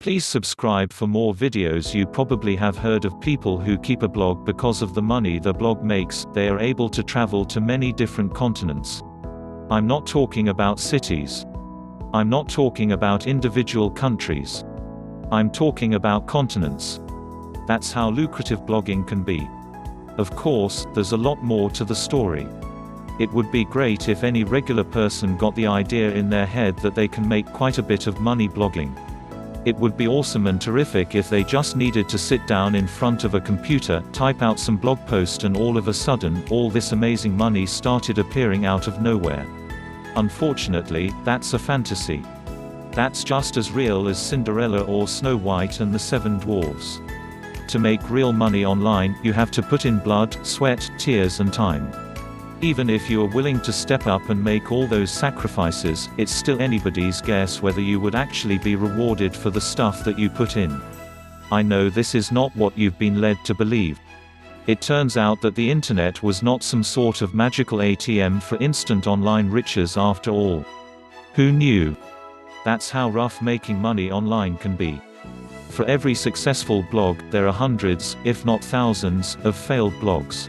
Please subscribe for more videos you probably have heard of people who keep a blog because of the money the blog makes, they are able to travel to many different continents. I'm not talking about cities. I'm not talking about individual countries. I'm talking about continents. That's how lucrative blogging can be. Of course, there's a lot more to the story. It would be great if any regular person got the idea in their head that they can make quite a bit of money blogging it would be awesome and terrific if they just needed to sit down in front of a computer, type out some blog post and all of a sudden, all this amazing money started appearing out of nowhere. Unfortunately, that's a fantasy. That's just as real as Cinderella or Snow White and the Seven Dwarfs. To make real money online, you have to put in blood, sweat, tears and time. Even if you are willing to step up and make all those sacrifices, it's still anybody's guess whether you would actually be rewarded for the stuff that you put in. I know this is not what you've been led to believe. It turns out that the internet was not some sort of magical ATM for instant online riches after all. Who knew? That's how rough making money online can be. For every successful blog, there are hundreds, if not thousands, of failed blogs.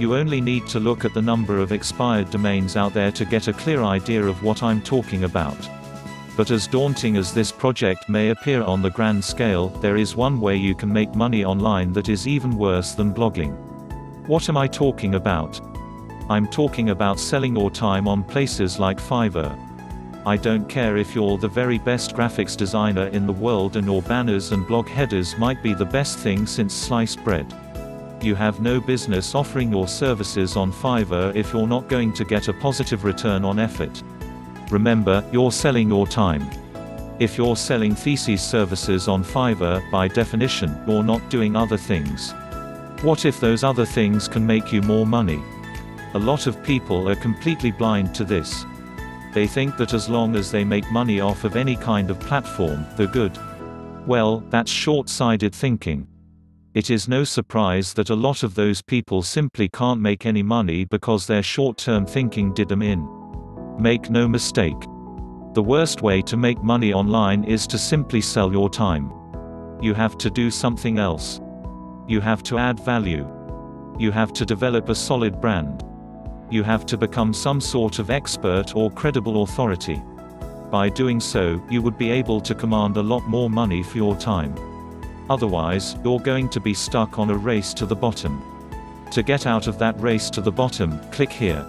You only need to look at the number of expired domains out there to get a clear idea of what I'm talking about. But as daunting as this project may appear on the grand scale, there is one way you can make money online that is even worse than blogging. What am I talking about? I'm talking about selling your time on places like Fiverr. I don't care if you're the very best graphics designer in the world and your banners and blog headers might be the best thing since sliced bread. You have no business offering your services on Fiverr if you're not going to get a positive return on effort. Remember, you're selling your time. If you're selling thesis services on Fiverr, by definition, you're not doing other things. What if those other things can make you more money? A lot of people are completely blind to this. They think that as long as they make money off of any kind of platform, they're good. Well, that's short-sighted thinking. It is no surprise that a lot of those people simply can't make any money because their short-term thinking did them in. Make no mistake. The worst way to make money online is to simply sell your time. You have to do something else. You have to add value. You have to develop a solid brand. You have to become some sort of expert or credible authority. By doing so, you would be able to command a lot more money for your time. Otherwise, you're going to be stuck on a race to the bottom. To get out of that race to the bottom, click here.